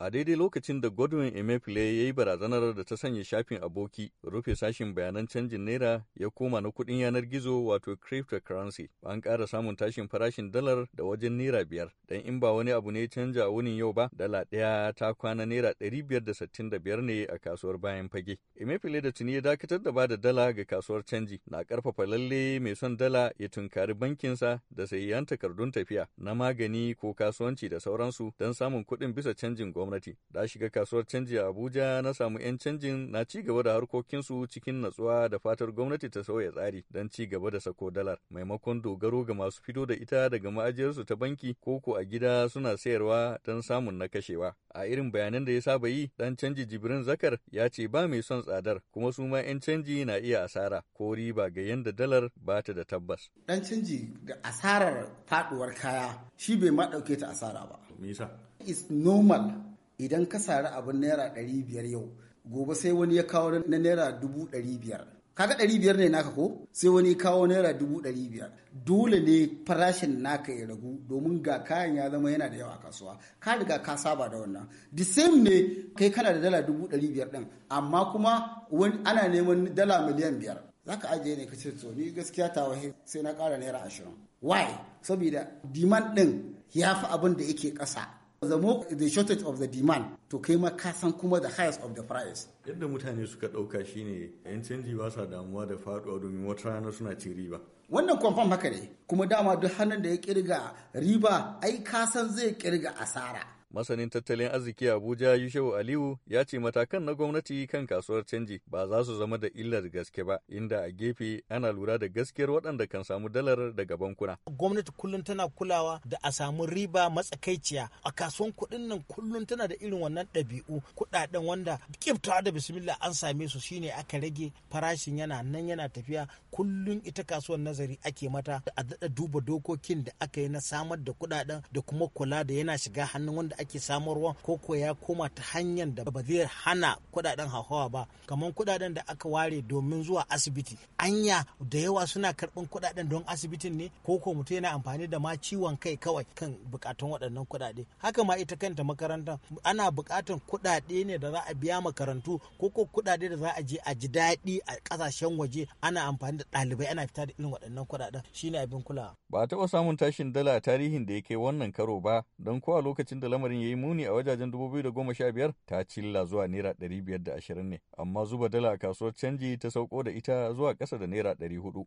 a daidai lokacin da godwin emefile ya yi barazanar da ta sanya shafin aboki rufe sashin bayanan canjin naira ya koma na kuɗin yanar gizo wato cryptocurrency an ƙara samun tashin farashin dalar da wajen naira biyar dan in ba wani abu ne canja a wunin yau ba dala ɗaya ta kwana naira ɗari biyar da sittin da biyar ne a kasuwar bayan fage emefile da tuni ya dakatar da bada dala ga kasuwar canji na ƙarfafa lalle mai son dala ya tunkari bankinsa da sayayyan takardun tafiya na magani ko kasuwanci da sauransu don samun kuɗin bisa canjin gwamnati gwamnati. Da shiga kasuwar canji a Abuja na samu 'yan canjin na ci gaba da harkokinsu cikin natsuwa da fatar gwamnati ta sauya tsari don ci gaba da sako dalar maimakon dogaro ga masu fito da ita daga ma'ajiyarsu ta banki ko ko a gida suna sayarwa don samun na kashewa. A irin bayanan da ya saba yi dan canji Jibrin Zakar ya ce ba mai son tsadar kuma su ma 'yan canji na iya asara ko riba ga yanda dalar ba ta da tabbas. Dan canji da asarar faduwar kaya shi bai ma ɗauke ta asara ba. Nisa. It's normal idan ka sari abin naira ɗari biyar yau gobe sai wani ya kawo na naira dubu ɗari biyar kaga ɗari biyar ne naka ko sai wani kawo naira dubu ɗari biyar dole ne farashin naka ya ragu domin ga kayan ya zama yana da yawa a kasuwa ka riga ka saba da wannan the same ne kai kana da dala dubu ɗari biyar ɗin amma kuma wani ana neman dala miliyan biyar za ka ajiye ne ka ce to ni gaskiya ta sai na ƙara naira ashirin why saboda diman ɗin ya fi abin da yake ƙasa the more the shortage of the demand to kai ma ka san kuma the highest of the price yadda mutane suka dauka shine yan canji ba sa damuwa da faduwa domin wata rana suna cin riba wannan confirm haka ne kuma dama duk hannun da ya kirga riba ai ka san zai kirga asara masanin tattalin arziki Abuja Yushewu Aliyu ya ce matakan na gwamnati kan kasuwar canji ba za su zama da illar gaske ba inda a gefe ana lura da gaskiyar waɗanda kan samu dalar daga bankuna. Gwamnati kullum tana kulawa da a samu riba matsakaiciya a kasuwan kuɗin nan kullum tana da irin wannan ɗabi'u kuɗaɗen wanda kiftawa da bismillah an same su shine aka rage farashin yana nan yana tafiya kullum ita kasuwar nazari ake mata a daɗa duba dokokin da aka yi na samar da kuɗaɗen da kuma kula da yana shiga hannun wanda ake samarwa ko ko ya koma ta hanyar da ba zai hana kudaden hauhawa ba kamar kudaden da aka ware domin zuwa asibiti anya da yawa suna karban kudaden don asibitin ne ko ko mutum yana amfani da ma ciwon kai kawai kan bukatun waɗannan kudade haka ma ita kanta makaranta ana bukatan kudade ne da za a biya makarantu ko ko kudade da za a je a ji daɗi a kasashen waje ana amfani da ɗalibai ana fita da irin waɗannan kudaden shine abin kulawa ba a taɓa samun tashin dala tarihin da ya kai wannan karo ba don ko lokacin da lamarin lamarin ya yi muni a wajajen 2015 ta cilla zuwa naira 520 ne, amma zuba dala a kasuwar canji ta sauko da ita zuwa ƙasa da naira 400.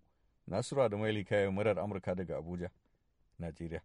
Nasiru Adamu Eli kayan murar Amurka daga Abuja, Najeriya.